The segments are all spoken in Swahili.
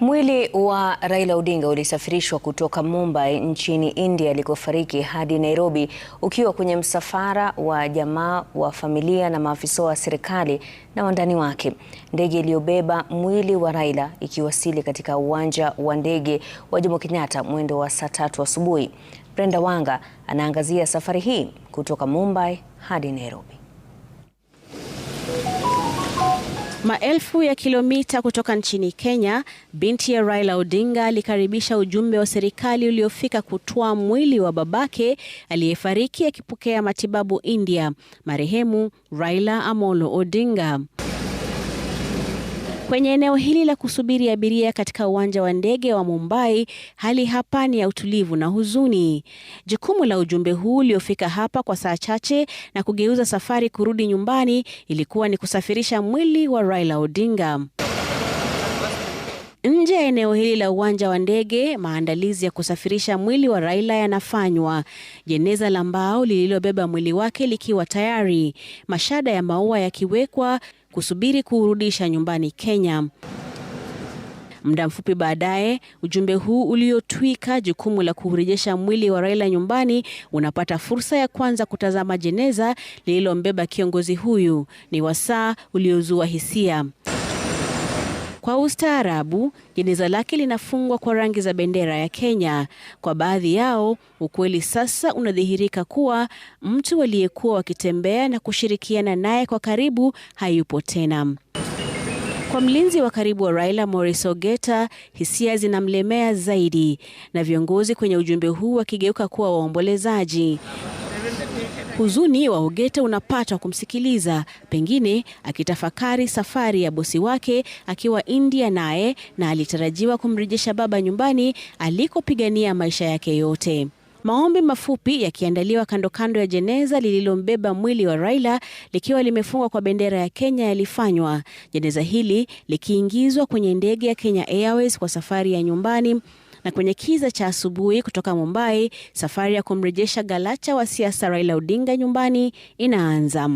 Mwili wa Raila Odinga ulisafirishwa kutoka Mumbai nchini India alikofariki hadi Nairobi ukiwa kwenye msafara wa jamaa wa familia na maafisa wa serikali na wandani wake. Ndege iliyobeba mwili wa Raila ikiwasili katika uwanja wa ndege wa Jomo Kenyatta mwendo wa saa tatu asubuhi. Brenda Wanga anaangazia safari hii kutoka Mumbai hadi Nairobi. Maelfu ya kilomita kutoka nchini Kenya, binti ya Raila Odinga alikaribisha ujumbe wa serikali uliofika kutoa mwili wa babake aliyefariki akipokea matibabu India, marehemu Raila Amolo Odinga. Kwenye eneo hili la kusubiri abiria katika uwanja wa ndege wa Mumbai, hali hapa ni ya utulivu na huzuni. Jukumu la ujumbe huu uliofika hapa kwa saa chache na kugeuza safari kurudi nyumbani ilikuwa ni kusafirisha mwili wa Raila Odinga. Nje ya eneo hili la uwanja wa ndege, maandalizi ya kusafirisha mwili wa Raila yanafanywa. Jeneza la mbao lililobeba mwili wake likiwa tayari, mashada ya maua yakiwekwa kusubiri kuurudisha nyumbani Kenya. Muda mfupi baadaye, ujumbe huu uliotwika jukumu la kurejesha mwili wa Raila nyumbani unapata fursa ya kwanza kutazama jeneza lililombeba kiongozi huyu. Ni wasaa uliozua hisia. Kwa ustaarabu, jeneza lake linafungwa kwa rangi za bendera ya Kenya. Kwa baadhi yao, ukweli sasa unadhihirika kuwa mtu waliyekuwa wakitembea na kushirikiana naye kwa karibu hayupo tena. Kwa mlinzi wa karibu wa Raila, Morris Ogeta, hisia zinamlemea zaidi, na viongozi kwenye ujumbe huu wakigeuka kuwa waombolezaji. Huzuni wa Ogeta unapata kumsikiliza, pengine akitafakari safari ya bosi wake akiwa India, naye na alitarajiwa kumrejesha baba nyumbani alikopigania maisha yake yote. Maombi mafupi yakiandaliwa kando kando ya jeneza lililombeba mwili wa Raila likiwa limefungwa kwa bendera ya Kenya yalifanywa, jeneza hili likiingizwa kwenye ndege ya Kenya Airways kwa safari ya nyumbani na kwenye kiza cha asubuhi kutoka Mumbai, safari ya kumrejesha galacha wa siasa Raila Odinga nyumbani inaanza.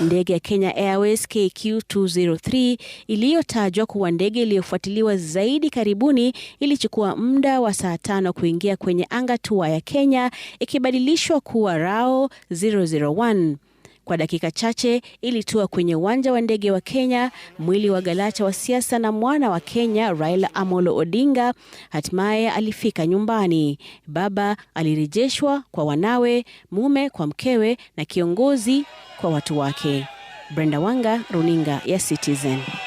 Ndege ya Kenya Airways KQ203 iliyotajwa kuwa ndege iliyofuatiliwa zaidi karibuni ilichukua muda wa saa tano kuingia kwenye anga tua ya Kenya ikibadilishwa kuwa RAO 001. Kwa dakika chache ilitua kwenye uwanja wa ndege wa Kenya, mwili wa galacha wa siasa na mwana wa Kenya Raila Amolo Odinga hatimaye alifika nyumbani. Baba alirejeshwa kwa wanawe, mume kwa mkewe na kiongozi kwa watu wake. Brenda Wanga, Runinga ya Citizen.